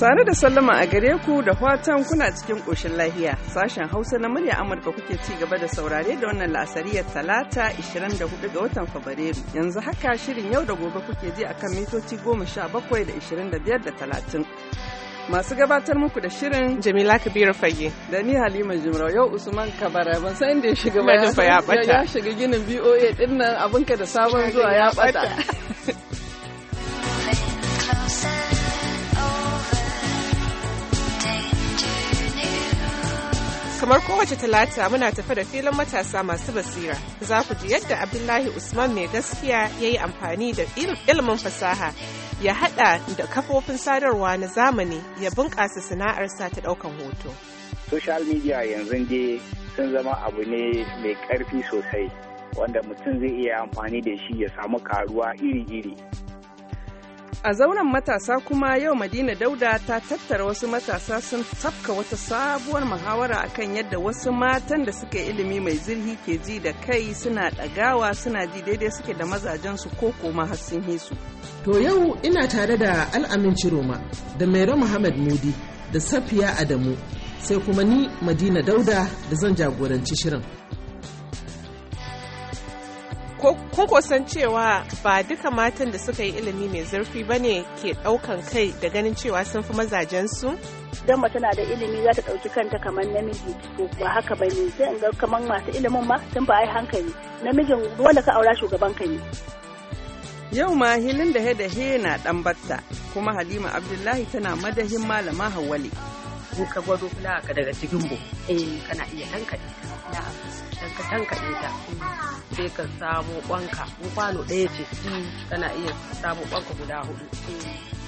Tare da sallama a gare ku da fatan kuna cikin ƙoshin lahiya. Sashen Hausa na murya Amurka kuke ci gaba da saurare da wannan la'asariyar Talata 24 ga watan Fabrairu. Yanzu haka shirin yau da gobe kuke ji akan mitoci 17 da 25 da 30. Masu gabatar muku da shirin Jamila Kabiru Fage. Da ni Halima Jimrau yau Usman Kabara ban san inda ya shiga ba ya shiga ginin BOA din nan abinka da sabon zuwa ya bata. Kamar kowace talata muna tafe da filin matasa masu basira, za ku ji yadda Abdullahi Usman mai gaskiya ya yi amfani da ilimin fasaha ya haɗa da kafofin sadarwa na zamani ya bunƙasa sana'arsa ta ɗaukan hoto. Social media yanzu dai sun zama abu ne mai ƙarfi sosai wanda mutum zai iya amfani da shi ya samu karuwa iri-iri. A zaunan matasa kuma yau Madina Dauda ta tattara wasu matasa sun tafka wata sabuwar muhawara akan yadda wasu matan da suke ilimi mai zirhi ke ji da kai suna ɗagawa suna ji daidai suke da mazajensu ko koma har sun su. To yau ina tare da Al'amin Roma da Mairo Muhammad Mudi da Safiya Adamu sai kuma ni Madina Dauda da zan jagoranci shirin. kun san cewa ba duka matan da suka yi ilimi mai zurfi ba ne ke ɗaukan kai da ganin cewa sun fi mazajensu? Don mace na da ilimi za ta ɗauki kanta kamar namiji ko ba haka ba ne sai in ga kamar masu ilimin ma sun ba ai hankali namijin wanda ka aura shugaban ka ne. Yau ma hilin da da he na ɗan batta kuma Halima Abdullahi tana madahin malama Ko Ka gwado fula ka daga cikin bu. Eh kana iya ɗan ka tankaɗe ta sai ka samu kwanka in kwano ɗaya ce kana iya samu kwanka guda hudu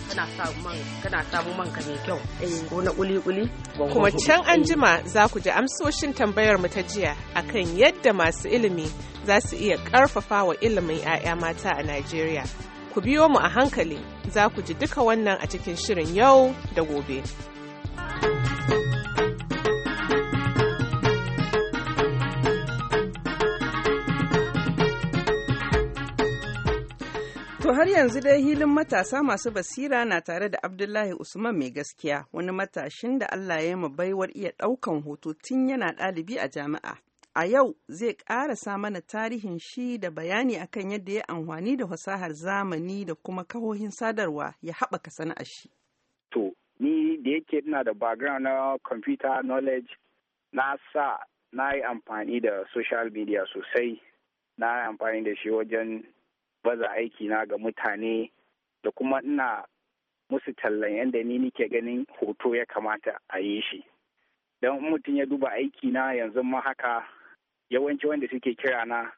kana samu manka mai kyau ko na kuli kuli kuma can an jima za ku ji amsoshin tambayar mu ta jiya akan yadda masu ilimi za su iya ƙarfafa wa ilimin 'ya'ya mata a Najeriya ku biyo mu a hankali za ku ji duka wannan a cikin shirin yau da gobe. To har yanzu dai hilin matasa masu basira na tare da Abdullahi Usman mai gaskiya wani matashin da Allah ya yi baiwar iya ɗaukan hoto tun yana ɗalibi a jami'a. A yau zai sa mana tarihin shi da bayani akan yadda ya amfani da fasahar zamani da kuma kahohin sadarwa ya haɓaka sana'a shi. To, ni da yake ina da background na computer knowledge na sa na yi amfani da social media sosai na yi amfani da shi wajen baza aiki na ga mutane da kuma ina musu tallan yadda ni nike ganin hoto ya kamata a yi shi don mutum ya duba aiki na yanzu ma haka yawanci wanda suke kira na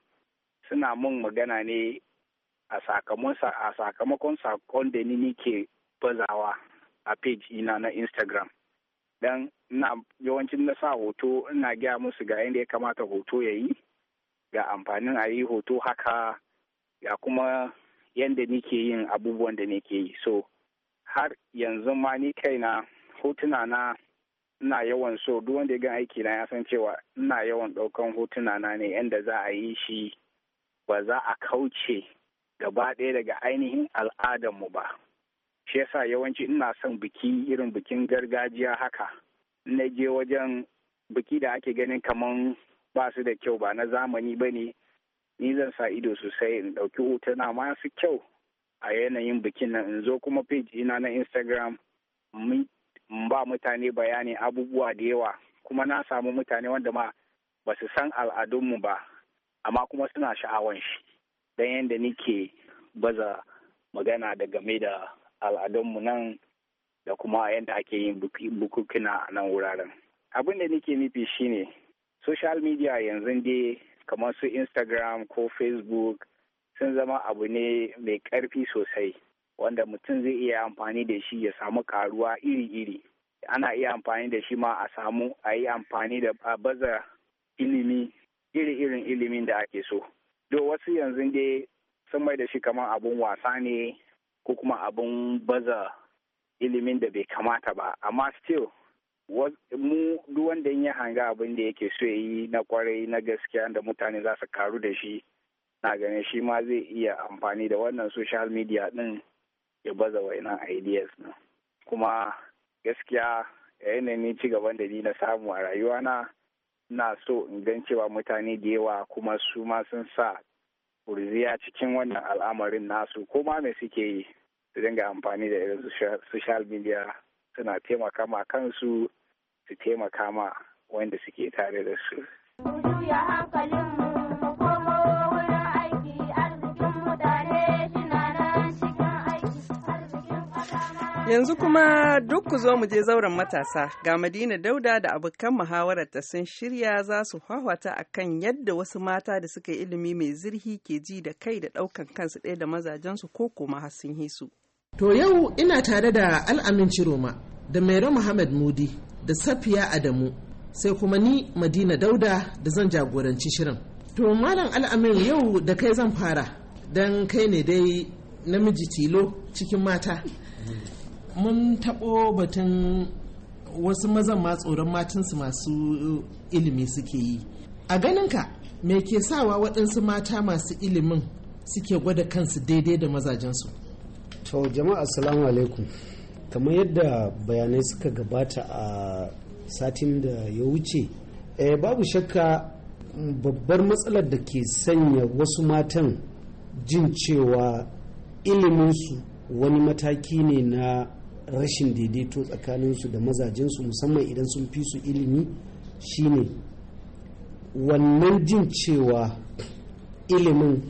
suna mun magana ne a sakamakon sakon da ni nike bazawa a page ina na instagram don na yawancin na sa hoto ina gaya musu ga yadda ya kamata hoto ya yi ga amfanin a yi hoto haka ga kuma yadda nike yin abubuwan da nike yi so har yanzu ma ni kaina hotuna na ina yawan so duk wanda ya gan aiki na ya san cewa ina yawan ɗaukan hotuna na ne yadda za a yi shi ba za a kauce gaba ɗaya daga ainihin al'adarmu ba shi yasa yawanci ina son biki irin bikin gargajiya haka na je wajen biki da ake ganin kaman ba su da kyau ba na zamani ba ne ni zan sa ido sosai in ɗauki hotuna masu kyau a yanayin bikin nan in zo kuma page ina na instagram in ba mutane bayani abubuwa da yawa kuma na samu mutane wanda ma ba su san al'adunmu ba amma kuma suna sha'awan shi don yadda nike baza magana da game da al'adunmu nan da kuma yadda ake yin bukukuna a nan wuraren abin da nike nufi shine social media yanzu dai kamar su instagram ko facebook sun zama abu ne mai ƙarfi sosai wanda mutum zai iya amfani da shi ya samu karuwa iri-iri ana iya amfani da shi ma a samu a yi amfani da a baza ilimi iri-irin ilimin da ake so do wasu yanzu dai sun mai da shi kamar abun wasa ne ko kuma abun baza ilimin da bai kamata ba amma still mu duk wanda ya hanga abin da yake so yi na kwarai na gaskiya da mutane za su karu da shi na ganin shi ma zai iya amfani da wannan social media din ya baza wainan ideas na kuma gaskiya yanayin ci gaban da ni na samu a rayuwa na na so in gan cewa mutane da yawa kuma su ma sun sa kurziya cikin wannan al'amarin nasu ko ma me suke yi su dinga amfani da irin social media suna taimaka ma kansu su taimaka ma wanda suke tare da su. Yanzu kuma duk ku zo mu je zauren matasa ga Madina Dauda da abokan muhawararta sun shirya za su hwahwata kan yadda wasu mata da suka yi ilimi mai zirhi ke ji da kai da ɗaukan kansu ɗaya da mazajensu ko kuma hasin hisu. To yau ina tare da al'amin Ciroma da Mairo Muhammad Mudi da safiya adamu sai kuma ni madina dauda da zan jagoranci shirin to malam al'amir yau da kai zan fara don kai ne dai namiji tilo cikin mata mun taɓo batun wasu mazan ma tsoron matansu masu uh, ilimi suke yi a ganinka me ke sawa waɗansu mata masu ilimin suke gwada kansu daidai da mazajensu to jama'a assalamu alaikum kamar yadda bayanai suka gabata a satin da ya wuce eh, babu shakka babbar matsalar da ke sanya wasu matan jin cewa iliminsu wani mataki ne na rashin daidaito tsakaninsu da mazajensu musamman idan sun fi su ilimi shine wannan jin cewa ilimin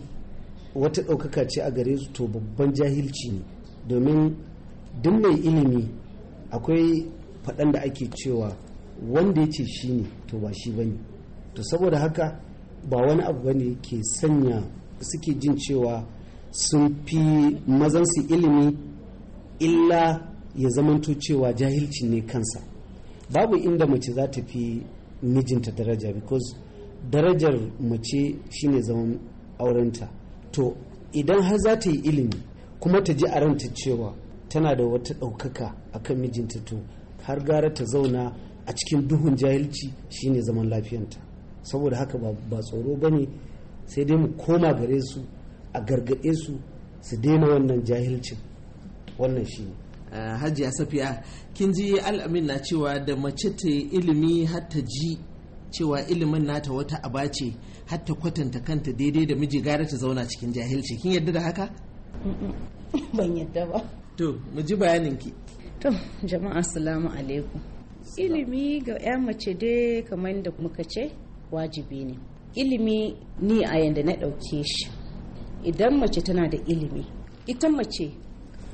wata ɗaukaka ce a gare su to babban jahilci ne domin duk mai ilimi akwai faɗan da ake cewa wanda ya ce shi ne to ba shi ba ne to saboda haka ba wani abu ba ne ke sanya suke jin cewa sun fi mazansu ilimi illa ya zamanto cewa jahilci ne kansa babu inda mace za ta fi mijinta daraja because darajar mace shine zaman aurenta to idan har za ta yi ilimi kuma ta ji a ranta cewa tana da wata ɗaukaka a kan mijinta to har gara ta zauna a cikin duhun jahilci shine zaman lafiyanta saboda haka ba tsoro ba ne sai dai mu koma gare su a gargaɗe su su daina wannan jahilcin wannan shi ne eh, hajiya safiya kin ji al'amin na cewa da mace ta yi ilimi har ta ji cewa ilimin nata wata aba ce har ta kwatanta kanta daidai da miji gara ta zauna cikin jahilci kin yadda da haka ban yadda ba to mu ji bayaninki to jama'a assalamu alaikum ilimi ga 'ya mace dai kamar da muka ce wajibi ne ilimi ni a yadda na ɗauke shi idan mace tana da ilimi ita mace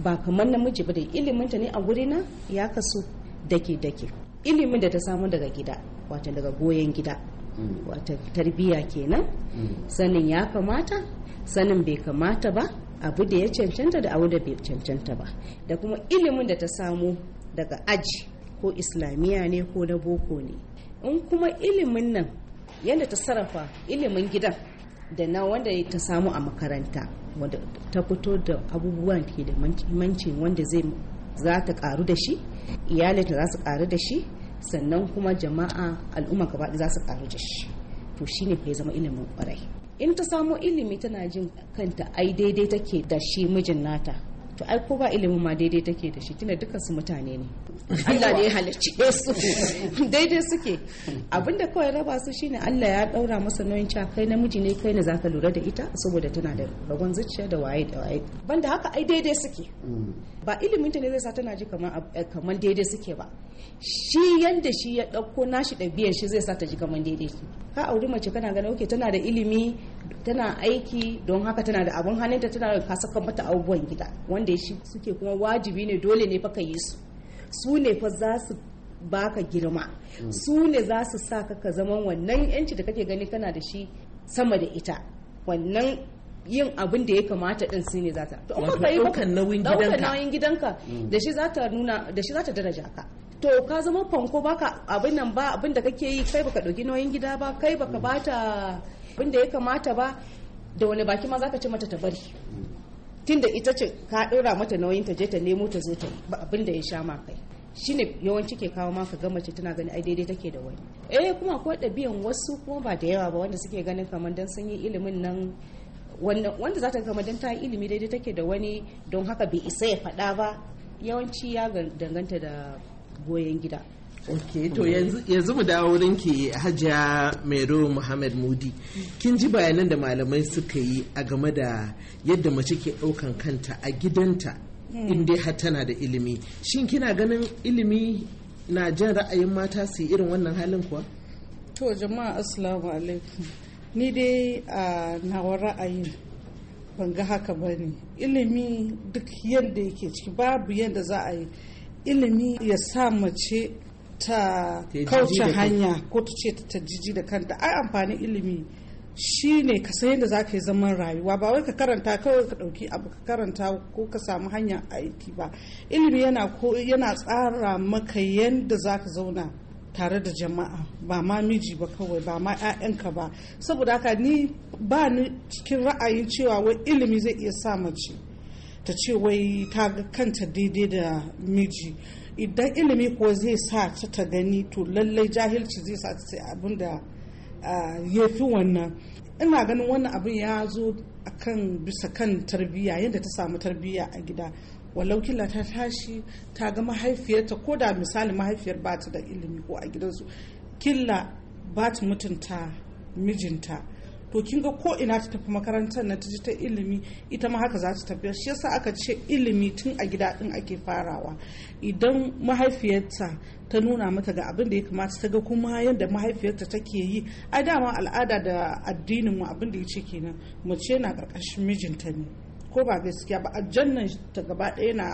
ba kamar namiji ba da iliminta ne a na ya kasu dake-dake ilimin da ta samu daga gida wata daga goyon gida mm. wata tarbiyya kenan mm. sanin ya kamata sanin bai kamata ba abu da ya cancanta da abu da bai cancanta ba da kuma ilimin da ta samu daga aji ko islamiyya ne ko na boko ne in kuma ilimin nan yadda ta sarrafa ilimin gidan da na wanda ta samu a makaranta wanda ta fito da abubuwan ke da manci wanda zai za ta karu da shi iyalinta za su karu da shi sannan kuma jama'a al'umma gaba za su karu da shi to shine ya zama ilimin kwarai in ta samu ilimi tana jin kanta ai daidai take da shi mijin nata to ai ko ba ilimin ma daidai take da shi tunda dukkan su mutane ne Allah ne ya halarci su daidai suke abinda kawai raba su shine Allah ya daura masa nauyin cewa kai namiji ne kai ne zaka lura da ita saboda tana da ragon zuciya da waye da waye banda haka ai daidai suke mm. ba ilimin ta ne zai sa tana ji kamar eh, kamar daidai suke ba shi yanda shi ya dauko nashi ɗabi'ar shi zai sa ta ji kamar daidai ka auri mace kana ganin okay tana da ilimi tana aiki don haka tana da abun hannunta tana da fasakan mata abubuwan gida wanda shi suke kuma wajibi ne dole ne fa ka yi su su ne fa za su baka girma mm. su ne za su sa ka ka zaman wannan yanci da kake gani kana da shi sama da ita wannan yin abin da ya kamata din su ne za ta daukan nauyin gidanka mm. da shi za ta nuna da shi za ta daraja ka to ka zama fanko baka abin nan ba abin da kake yi kai baka dauki nauyin gida ba kai baka bata abin da ya kamata ba da wani baki ma zaka ce mata ta bari tunda ita ce ka ɗora mata nauyin ta je ta nemo ta zo ta abin da ya sha ma kai shine yawanci ke kawo ma ka ga mace tana gani ai daidai take da wani eh kuma akwai ɗabi'an wasu kuma ba da yawa ba wanda suke ganin kamar dan sun yi ilimin nan wanda za kama dan ta yi ilimi daidai take da wani don haka bai isa ya faɗa ba yawanci ya danganta da goyon gida okay to yanzu mu dawo wurin ki hajiya mero muhammad mudi kin ji bayanan da malamai suka yi a game da yadda mace ke ɗaukan kanta a gidanta hmm. inda har tana da ilimi shin kina ganin ilimi na jan ra'ayin mata su yi irin wannan halin kuwa to jama'a assalamu alaikum ni dai a nawa ra'ayin ban ga haka ba ne ilimi duk yadda yake ciki babu yadda za a yi ilimi ya sa mace ta kauce hanya ko ta ce ta jiji da kanta ai amfanin ilimi shi ne ka san yadda za ka yi zaman rayuwa ba wai ka karanta kawai ka ɗauki abu ka karanta ko ka samu hanyar aiki ba ilimi yana tsara maka yadda za ka zauna tare da jama'a ba ma miji ba kawai ba ma 'ya'yanka ba saboda haka ni ba ni cikin ra'ayin cewa wai ilimi zai iya sa mace ta ce wai ta ga kanta daidai da miji idan ilimi ko zai sa ta ta gani to lallai jahilci zai sa ta abin da ya fi wannan ina ganin wannan abin ya zo kan bisa kan tarbiyya yadda ta samu tarbiyya a gida walau kila ta tashi ta ga mahaifiyarta ko da misali mahaifiyar ba ta da ilimi ko a gidansu killa ba ta mutunta mijinta to kin ga ko ina ta tafi makarantar na ta ji ta ilimi ita ma haka za ta tafi shi yasa aka ce ilimi tun a gida din ake farawa idan mahaifiyarta ta nuna mata ga abin da ya kamata ta ga kuma yadda mahaifiyarta take yi a dama al'ada da addinin mu abin da ya ce kenan mace na karkashin mijinta ne ko ba gaskiya ba a aljannan ta gaba ɗaya na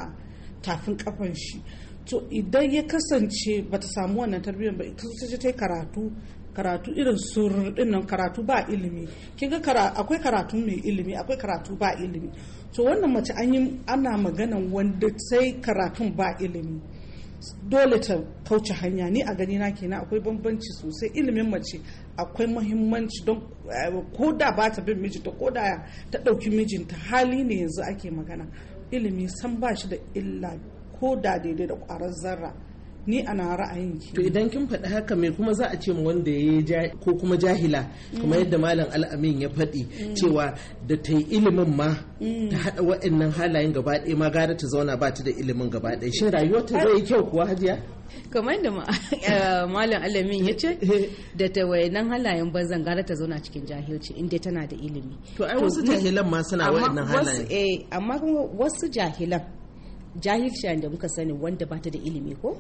tafin kafan shi to idan ya kasance bata samu wannan tarbiyyar ba kasance ta yi karatu karatu irin surur nan karatu ba ilimi kinga akwai karatu mai ilimi akwai karatu ba ilimi to wannan mace an yi ana magana wanda sai karatun ba ilimi dole ta kauce hanya ni a gani na kenan akwai bambanci sosai ilimin mace akwai mahimmanci don eh, ko da ba ta bin mijinta ko da ta ɗauki mijinta hali ne yanzu ake magana ilimi san ba shi da illa ko da daidai da kwarar zarra ni ana ra'ayin ki to idan kin faɗi haka me kuma za a ce wanda ya ko kuma jahila kuma yadda malam al'amin ya faɗi cewa da ta yi ilimin ma ta haɗa waɗannan halayen gaba ɗaya ma gara ta zauna ba ta da ilimin gaba ɗaya shin rayuwarta zai kyau kuwa hajiya kamar da eh, malam alamin ya ce da ta wayannan halayen banzan gara ta zauna cikin jahilci inda tana da ilimi to ai wasu jahilan ma suna wayannan halayen amma wasu eh, jahilan jahilci da muka sani wanda bata da ilimi ko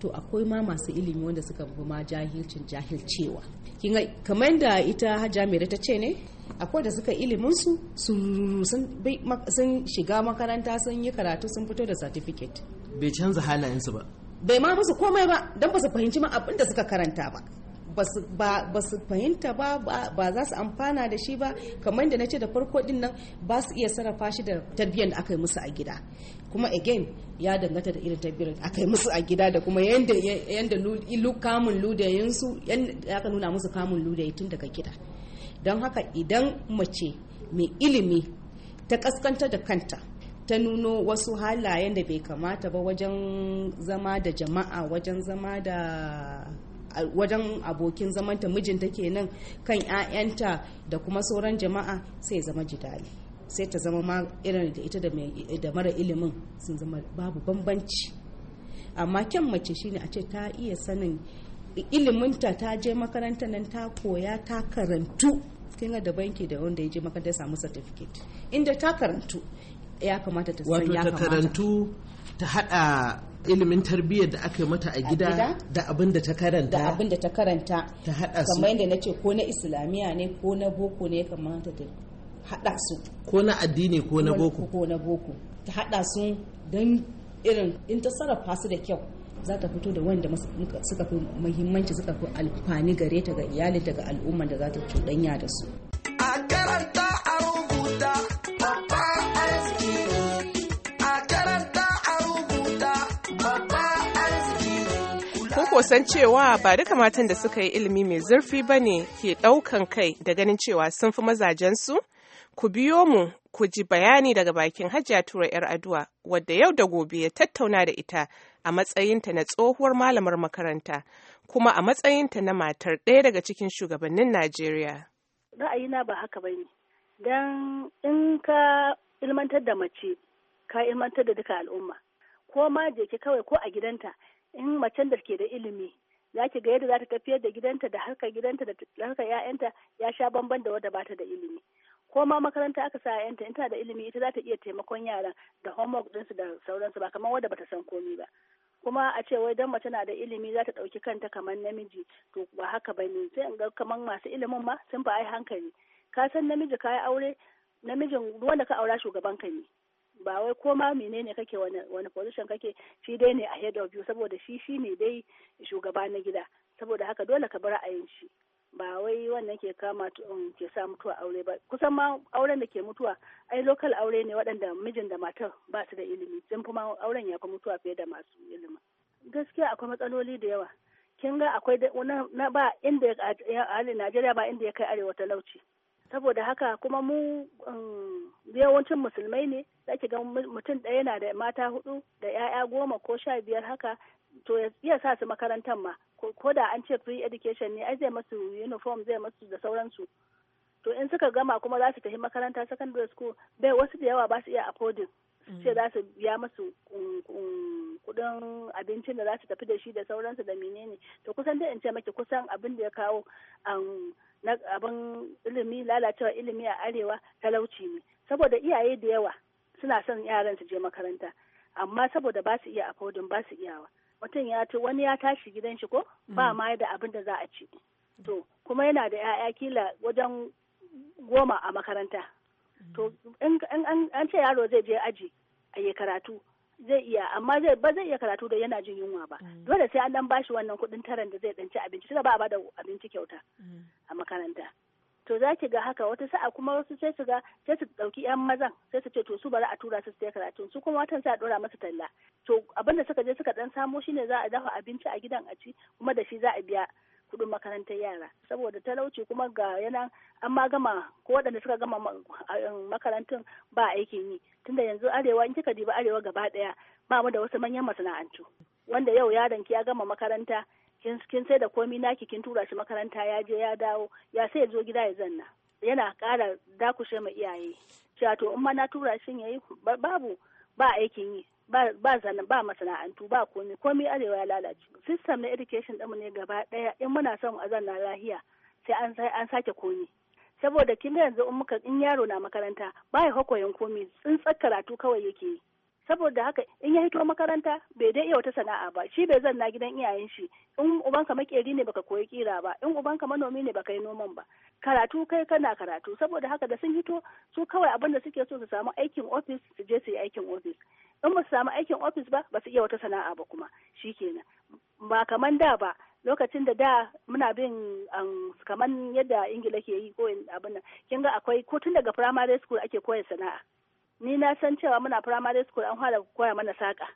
to akwai ma masu ilimi wanda suka bi ma jahilcin jahilcewa kinga kamar da ita hajja ta ce ne akwai da suka ilimin su sun shiga makaranta sun yi karatu sun fito da certificate bai canza halayensu ba bai ma musu komai ba don ba su fahimci ma abin da suka karanta ba ba su fahimta ba ba za su amfana da shi ba kamar da na ce da farko din nan ba su iya sarrafa shi da tarbiyyar da aka yi musu a gida kuma again ya danganta da irin tarbiyyar da aka yi musu a gida da kuma yadda kamun su yadda aka nuna musu kamun ludayi tun daga gida don haka idan mace mai ilimi ta kaskantar da kanta ta nuno wasu halayen da bai kamata ba wajen zama da jama'a wajen zama da wajen abokin zamanta mijinta kenan kan 'ya'yanta da kuma sauran jama'a sai zama jidali sai ta zama ma irin da ita da mara ilimin sun zama babu bambanci amma kyan mace shine a ce ta iya sanin iliminta ta je makaranta nan ta koya ta karantu kinga da banki da wanda ya je makaranta ya samu certificate inda ta karantu ya kamata ta san kamata wato ta karantu ta hada ilimin tarbiyyar da aka yi mata a gida da abin da ta karanta da abin da ta karanta ta hada su kamar yadda nace ko na islamiya ne ko na boko ne kamar ta hada su ko na addini ko na boko ko na boko ta hada su don irin in ta sarrafa su da kyau za ta fito da wanda suka fi muhimmanci suka fi alfani gare ta ga iyalinta ga al'umma da za ta cuɗanya da su a karanta a rubu ko san cewa ba duka matan da suka yi ilimi mai zurfi ba ne ke ɗaukan kai da ganin cewa sun fi mazajensu? Ku biyo mu ku ji bayani daga bakin Hajiya Tura 'yar Aduwa wadda yau da gobe ya tattauna da ita a matsayinta na tsohuwar malamar makaranta kuma a matsayinta na matar ɗaya daga cikin shugabannin Najeriya. Ra'ayina ba haka ba ne, don in ka ilmantar da mace, ka ilmantar da duka al'umma, ko ma jeke kawai ko a gidanta in macen da ke da ilimi za ki ga yadda za ta tafiyar da gidanta da harkar gidanta da harkar 'ya'yanta ya sha bamban da wadda bata da ilimi ko ma makaranta aka sa 'ya'yanta in ta da ilimi ita za ta iya taimakon yaran da homework ɗinsu da sauransu ba kamar wadda bata san komi ba kuma a ce wai dan mace na da ilimi za ta ɗauki kanta kamar namiji to ba haka ba ne sai in ga kamar masu ilimin ma sun fa ai hankali ka san namiji ka yi aure namijin wanda ka aura shugaban ka ne ba wai ko ma menene kake wani wani position kake shi dai ne a head of you saboda shi shi ne dai shugaba na gida saboda haka dole ka bi ra'ayin shi ba wai wannan ke kama um, ke sa mutuwa aure ba kusan ma auren da ke mutuwa ai lokal aure ne waɗanda mijin da matar ba su da ilimi sun fi ma auren ya fi mutuwa fiye da masu ilimi gaskiya akwai matsaloli da yawa kin ga akwai na ba inda ya a Najeriya ba inda ya kai arewa talauci saboda haka kuma mu um, yawancin musulmai ne za ki ga mutum ɗaya yana da mata hudu da 'ya'ya goma ko sha biyar haka to ya sa su makarantar ma ko da an ce free education ne ai zai masu uniform zai masu da sauransu to in suka gama kuma za su tafi makaranta secondary school bai wasu da yawa ba su iya affording sai mm. za su biya masu kudin abincin da za su tafi da shi da sauransu da menene to kusan dai in ce maki kusan abin da ya kawo um, abin ilimi lalacewa ilimi a arewa talauci ne saboda iyaye da yawa suna son yaran su je makaranta amma saboda ba su iya afodin ba su iyawa mutum ya ci wani ya tashi gidan shi ko ba mm. ma da abin da za a ci mm. to kuma yana da 'ya'ya kila wajen goma a makaranta to an ce yaro zai je aji a yi karatu zai iya amma zai ba zai iya karatu da yana jin yunwa ba mm. dole sai an dan bashi wannan kuɗin taran da zai danci ci abinci tunda ba a bada abinci kyauta mm. a makaranta to za ki ga haka wata sa'a kuma wasu sai su ga sai su dauki yan mazan sai su ce to su bari a tura su sai karatu su kuma watan sai a dora masa talla to abinda suka je suka dan samo shine za a dafa abinci a gidan a ci kuma da shi za a biya kudin makarantar yara saboda talauci kuma ga yana an ma gama ko waɗanda suka gama um, makarantun ba aikin yi tunda yanzu arewa in kika diba arewa gaba ɗaya ba mu da wasu manyan masana'antu wanda yau yaron ki ya gama makaranta kin sai da komi naki kin tura shi makaranta ya je ya dawo ya sai ya zo gida ya zanna yana ƙara dakushe ma iyaye shato in ma na tura shi yayi babu ba aikin yi ba zana ba masana'antu ba komi komi arewa ya lalace system na education ɗinmu ne gaba ɗaya in muna son a zanna lahiya sai an sake komi saboda kin yanzu in muka in yaro na makaranta ba ya hakoyin komi tsintsar karatu kawai yake yi saboda haka in ya hito makaranta bai dai iya wata sana'a ba shi bai zanna gidan iyayen shi in ubanka makeri ne baka koyi kira ba in ubanka manomi ne baka yi noman ba karatu kai kana karatu saboda haka da sun hito su kawai abinda suke so su samu aikin ofis su je su yi aikin ofis in ba su samu aikin ofis ba ba su iya wata sana'a ba kuma shi shikenan ba kaman da ba lokacin da da muna bin um, kaman yadda ingila ke yi ko abin nan kin ga akwai ko tun daga primary school ake koya sana'a ni na san cewa muna primary school an fara koya mana saka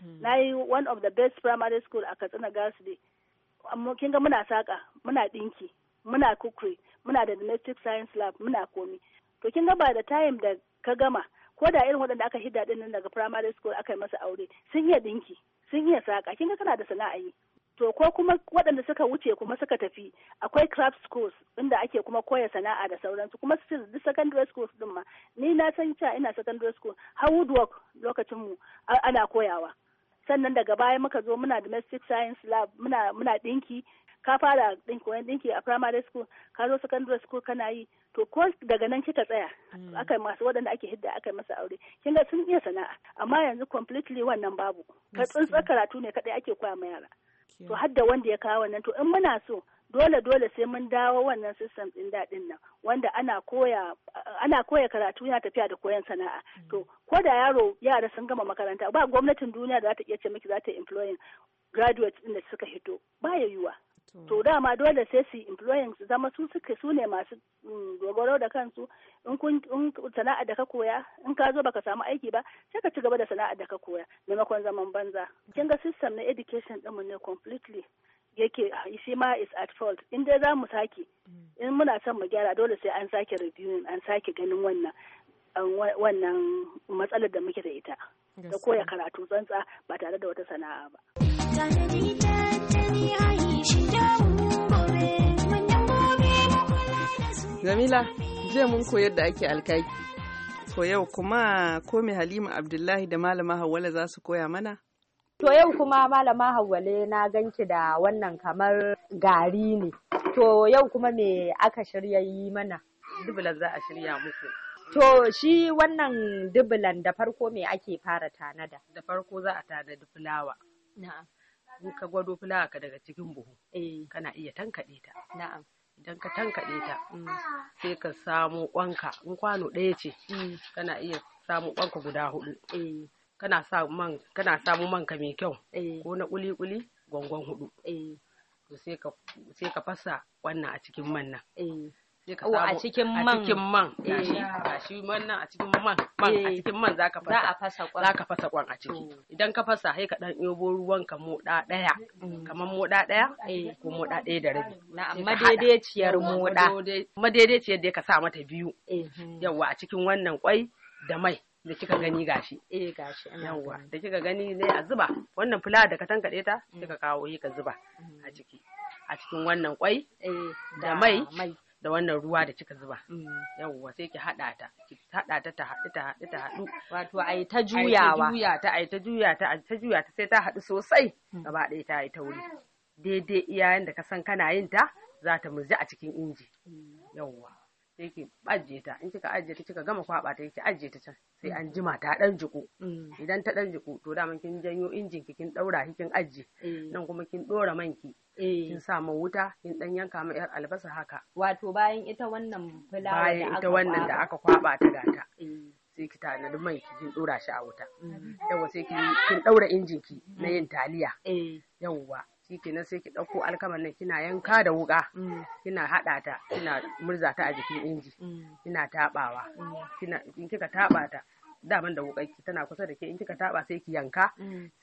hmm. na yi one of the best primary school a katsina girls day kin ga muna saka muna dinki muna kukuri muna da domestic science lab muna komi to kin ga ba da time da ka gama ko da irin waɗanda aka hidda din nan daga primary school aka yi masa aure sun iya dinki sun iya saka kinga kana da sana'a yi to ko kuma waɗanda suka wuce kuma suka tafi akwai craft schools inda ake kuma koya sana'a da sauransu kuma su duk secondary schools din ma ni na san cewa ina secondary school how woodwork lokacin mu ana koyawa sannan daga baya muka zo muna domestic science lab muna muna dinki ka fara dinki wani dinki a primary school ka zo secondary school kana yi to ko daga nan kika tsaya hmm. aka masu waɗanda ake hidda aka masa aure kin ga sun iya sana'a amma yanzu completely wannan babu ka tsuntsar karatu ne kadai ake koya ma yara to hadda wanda ya kawo wannan to in muna so dole dole sai mun dawo wannan system din daɗin nan wanda ana koya ana koya karatu yana tafiya da koyan sana'a hmm. to ko da yaro yara sun gama makaranta ba gwamnatin duniya da za ta iya ce miki za ta employing graduates din da suka hito ba ya yiwuwa to dama dole sai su employing su zama su suke su ne masu mm, dogaro da kansu in kun sana'a da ka koya in ka zo baka samu aiki ba sai ka ci gaba da sana'a da ka koya maimakon zaman banza kin ga system na education din mu ne completely yake shi ma is at fault in dai za mu saki mm. in muna son mu gyara dole sai an sake reviewing an sake ganin wannan wannan matsalar da muke da ita da koya karatu tsantsa ba tare da wata sana'a ba. Jamila, jiya mun koyar da ake alkaki. To yau kuma ko Halima Abdullahi da Malama Hawwala za su koya mana? To yau kuma Malama Hawwale na ganki da wannan kamar gari ne. To yau kuma me aka shirya yi mana? Dubulan za a shirya muku. To shi wannan dubulan da farko me ake fara tanada? Da farko za a tanadi fulawa. Na'am. ka gwado fulawa ka daga cikin buhu. Eh. Kana iya tankaɗe ta. Na'am. idan ka tankaɗe ta mm, sai ka samo kwanka in kwano ɗaya ce mm. kana iya samu ƙwanka guda hudu eh. kana samo samu manka mai kyau eh. ko na kuli kuli gwangon hudu eh. sai ka fasa ƙwannan a cikin man nan a cikin man eh. a cikin man gashi wannan a cikin man man a eh. cikin man zaka fasa za a fasa kwan zaka fasa kwan a ciki mm. idan ka fasa sai ka dan yobo ruwan ka moda daya mm. kamar moda daya eh. ko moda daya da rabi na'am madaidaiciyar moda madaidaiciyar da ka sa mata biyu yawa a cikin wannan kwai da mai da kika mm. gani gashi eh gashi yawa da kika gani ne a zuba wannan fulawa da ka tankaɗe ta kika kawo yi ka zuba a ciki a cikin wannan kwai da mai da wannan ruwa da kika zuba mm. yawwa sai ki haɗa ta ki haɗa ta ta haɗu ta haɗu ta haɗu wato ai ta juyawa juya ta ai ta juya ta ta juya ta sai ta haɗu sosai mm. gaba ɗaya ta yi wuri. Mm. daidai iyayen da ka san kana yin ta za ta murji a cikin inji yawwa sai ki ajiye ta in kika ajiye ta kika gama kwaba ta ki ajiye ta can sai mm. an jima ta dan jiku mm. idan ta dan jiku to daman kin janyo injin ki kin daura ki kin ajiye mm. nan kuma kin dora man ki eh. kin sa ma wuta kin dan yanka ma yar albasa haka wato bayan ita wannan fulawa bayan ita wannan da aka kwaba ta gata sai ki tanadi man ki kin dora shi a wuta yawa sai kin daura injin ki na yin taliya eh. yawa shikenan sai ki ɗauko alkaman nan kina yanka da wuka mm. kina haɗa ta kina murza ta a jikin inji mm. kina taɓawa mm. kina in kika taɓa ta daman da wuƙa ki tana kusa da ke in kika taɓa sai ki yanka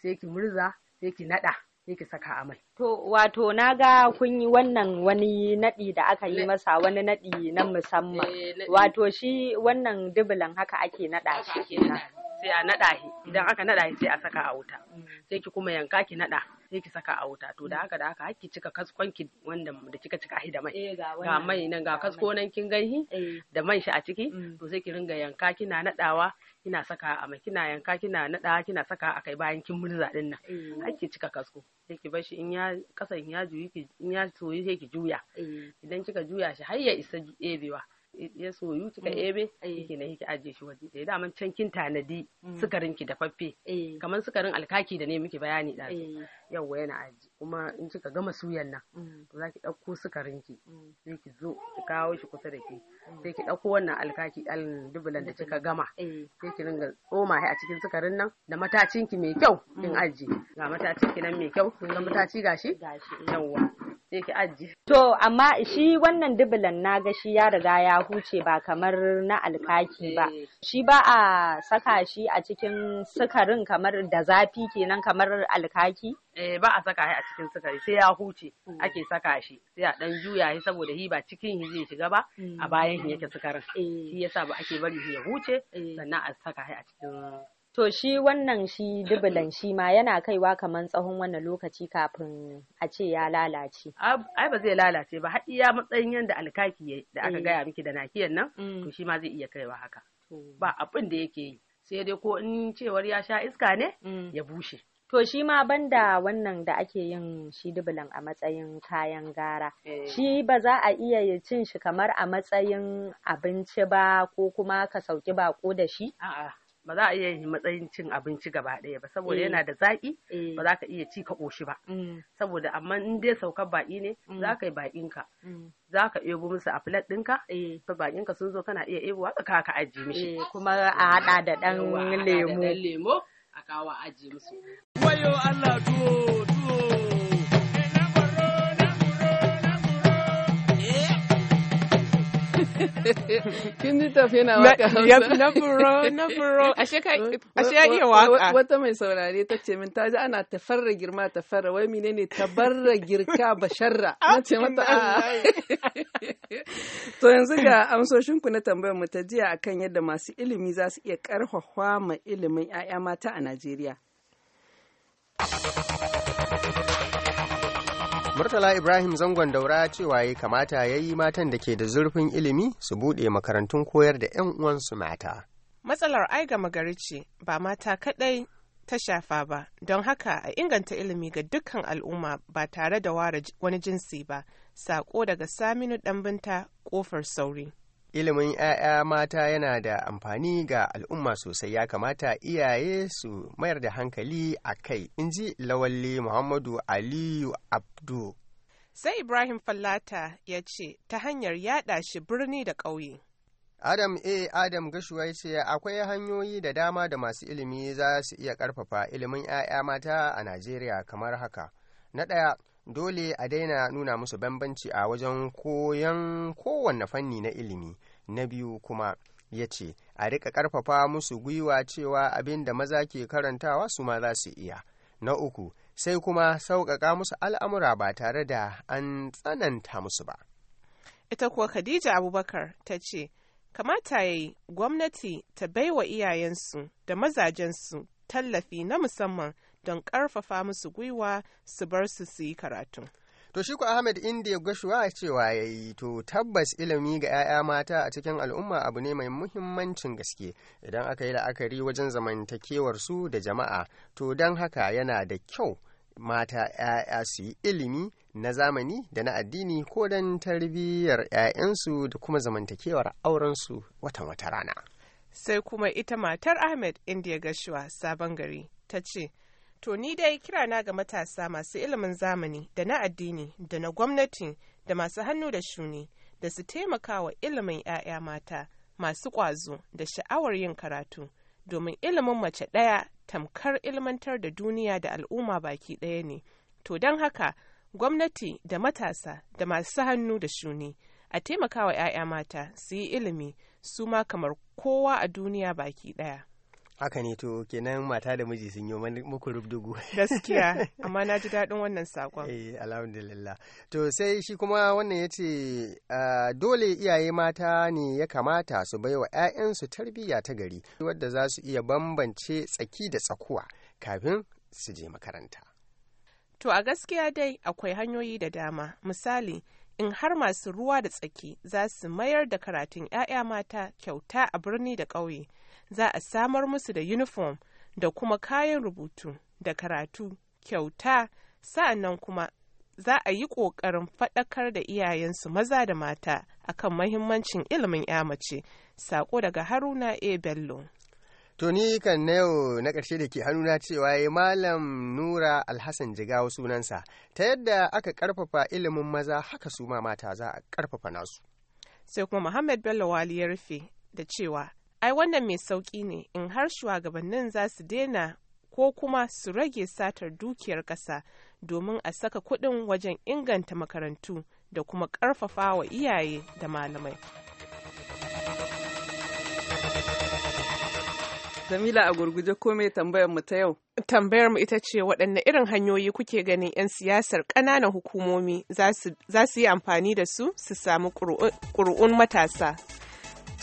sai ki murza sai ki naɗa sai ki saka amai to wato na ga kun yi wannan wani naɗi da aka yi masa wani naɗi na musamman eh, wato shi wannan dubulan haka ake naɗa shi kenan sai a naɗa shi idan aka naɗa shi sai a saka a wuta mm. sai ki kuma yanka ki naɗa sai ki saka a wuta to da haka da haka ki cika kaskon ki wanda da kika cika shi da mai eh, ga mai nan ga kasko nan kin ganhi eh. da man shi a ciki mm. to sai ki ringa yanka kina naɗawa kina saka a mai kina yanka kina naɗawa kina saka a kai bayan kin murza din nan eh. ki cika kasko sai ki bar shi in ya kasan ya juyi in ya soyi sai ki juya idan kika juya shi har ya isa ebewa ya soyu kika mm. ebe eh. kike na yake ajiye shi waje da daman can kin tanadi mm. sukarin ki dafaffe eh. kamar sukarin alkaki da ne miki bayani da eh. yawwa yana aji kuma in kika gama suyan nan mm. to zaki ɗauko sukarin ki sai ki zo ki kawo shi kusa da ki sai ki ɗauko wannan alkaki al dubulan da kika gama sai ki ringa tsoma a cikin sukarin nan da matacin ki mai kyau kin aji. ga matacin ki nan mai kyau kin ga mataci gashi yawwa sai ki ajiye to amma shi wannan dubulan na ga shi ya riga ya huce ba kamar na alkaki ba eh. shi ba a saka shi a cikin sukarin kamar da zafi kenan kamar alkaki eh ba a saka shi a cikin sukari sai ya huce hmm. ake saka shi sai a dan juya shi saboda hi ba cikin hi zai shiga ba hmm. a bayan shi yake sukarin eh. shi yasa ba ake bari shi ya huce eh. sannan a saka shi a cikin To shi wannan shi dubulan shi ma yana kaiwa kamar tsawon wannan lokaci kafin a ce ya lalace. Ai ba zai lalace ba haɗi ya matsayin yadda alkaki da aka eh. gaya miki da nakiyan nan mm. to shi ma zai iya kaiwa haka. Ba abin da yake yi sai dai ko in cewar ya sha iska ne mm. ya bushe. To shi ma banda wannan da ake yin shi dubulan a matsayin kayan gara, eh. shi ba za a iya cin shi kamar a matsayin abinci ba ko kuma ka sauki bako da shi? A'a. ba za a iya yi matsayin cin abinci gaba ɗaya ba saboda eh. yana da zaƙi eh. ba za ka iya ci ka ƙoshi ba mm. saboda amma in dai saukar baƙi ne mm. za ka yi baƙinka mm. za ka ebo musu a filat ɗinka ka eh. baƙinka sun zo kana iya ebo haka ka ka aji mishi kuma a haɗa da ɗan lemo a kawo aji musu wayo Allah Kin ji tafiya na waka Hausa. Na furo, na furo. Ashe ya iya waka. Wata mai saurare ta ce min ta ji ana tafarra girma tafarra wai mine ne tabarra girka basharra. Na ce mata a. Ah. To yanzu ga amsoshin ku na tambayar mu ta jiya akan yadda masu ilimi za su iya karfafa ma ilimin 'ya'ya mata a Najeriya. Murtala Ibrahim zangon daura cewa ya kamata ya yi matan da ke da zurfin ilimi su buɗe makarantun koyar da 'yan uwansu mata. Matsalar ai gama gari ce ba mata kadai ta shafa ba, don haka a inganta ilimi ga dukkan al'umma ba tare da ware wani jinsi ba, saƙo daga Saminu Ɗanbinta kofar sauri. ilimin 'ya'ya mata yana da amfani ga al'umma sosai ya kamata iyaye su mayar da hankali a kai in ji lawalli muhammadu aliyu abdu sai ibrahim fallata ya ce ta hanyar yada shi birni da ƙauye Adam A. Adam Gashuwa ce akwai hanyoyi da dama da masu ilimi za su iya ƙarfafa ilimin 'ya'ya mata a Najeriya kamar haka. Na ɗaya, dole a daina nuna musu bambanci a wajen koyon kowanne fanni na ilimi na biyu kuma ya ce a rika karfafa musu gwiwa cewa abin da maza ke karantawa su ma za su iya na uku sai kuma sauƙaƙa musu al'amura ba tare da an tsananta musu ba ita kuwa khadija abubakar ta ce kamata ya yi gwamnati ta baiwa iyayensu da mazajensu tallafi na musamman don ƙarfafa musu gwiwa su bar su su yi karatun. To shi ku Ahmed ya Gashuwa cewa ya yi to tabbas ilimi ga 'ya'ya mata a cikin al'umma abu ne mai muhimmancin gaske idan aka yi la'akari wajen zamantakewar su da jama'a to don haka yana da kyau mata 'ya'ya su yi ilimi na zamani da na addini ko don tarbiyyar 'ya'yansu da kuma zamantakewar aurensu watan wata rana. Sai kuma ita matar Ahmed ya Gashuwa sabon gari ta ce. To ni dai kirana ga matasa masu ilimin zamani da na addini da na gwamnati da masu hannu da shuni da su taimaka wa ilimin 'ya'ya mata masu ƙwazo da sha'awar yin karatu domin ilimin mace ɗaya tamkar ilmantar da duniya da al'umma baki ɗaya ne. To don haka gwamnati da matasa da masu hannu da shuni a taimaka wa 'ya'ya mata su yi ilimi su ma kamar kowa a duniya baki ɗaya. haka ne to kenan mata da miji sun yi muku rubdugu gaskiya amma na ji daɗin wannan sakon eh alhamdulillah to sai shi kuma wannan ya ce ah, dole iyaye mata ne ya kamata su bai wa 'ya'yansu tarbiyya ta gari wadda za su iya bambance tsaki da tsakuwa kafin su je makaranta to a gaskiya dai akwai hanyoyi da dama misali in har masu ruwa da tsaki za su mayar da karatun 'ya'ya mata kyauta a birni da ƙauye za a samar musu da uniform da kuma kayan rubutu da karatu kyauta sa'annan kuma za a yi ƙoƙarin faɗakar da iyayensu maza da mata akan mahimmancin ilimin 'ya mace Saƙo daga haruna a bello To ni kan na yau na ƙarshe da ke hannuna cewa ya eh, Malam Nura Alhassan Jigawa sunansa, ta yadda aka ƙarfafa ilimin maza haka su ma mata za a ƙarfafa nasu. Sai kuma Muhammad Bello Wali ya rufe da cewa ai wannan mai sauƙi ne in har shugabannin za su daina ko kuma su rage satar dukiyar ƙasa domin a saka kuɗin wajen inganta makarantu da kuma ƙarfafa wa iyaye da malamai. Jamila a gurguje ko mai tambayar mu ta yau? Tambayar mu ita ce waɗanne irin hanyoyi kuke ganin 'yan siyasar ƙananan hukumomi za su yi amfani da su su samu ƙuri'un matasa.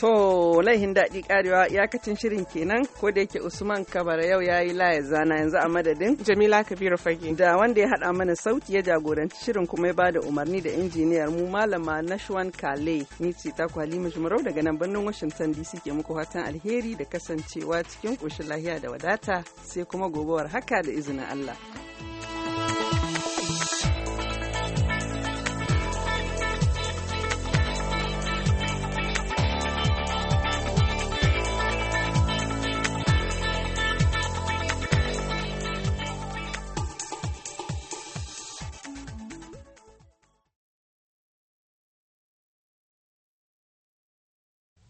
To laihin daɗi karewa iyakacin shirin kenan ko da yake Usman Kabara yau ya yi laye zana yanzu a madadin. Jamila Kabiru Fage. Da wanda ya haɗa mana sauti ya jagoranci shirin kuma ya bada umarni da injiniyar mu malama Nashwan Kale. Ni ce ta Halima Jumarau daga nan birnin Washington DC ke muku fatan alheri da kasancewa cikin ƙoshin lahiya da wadata sai kuma gobe haka da izinin Allah.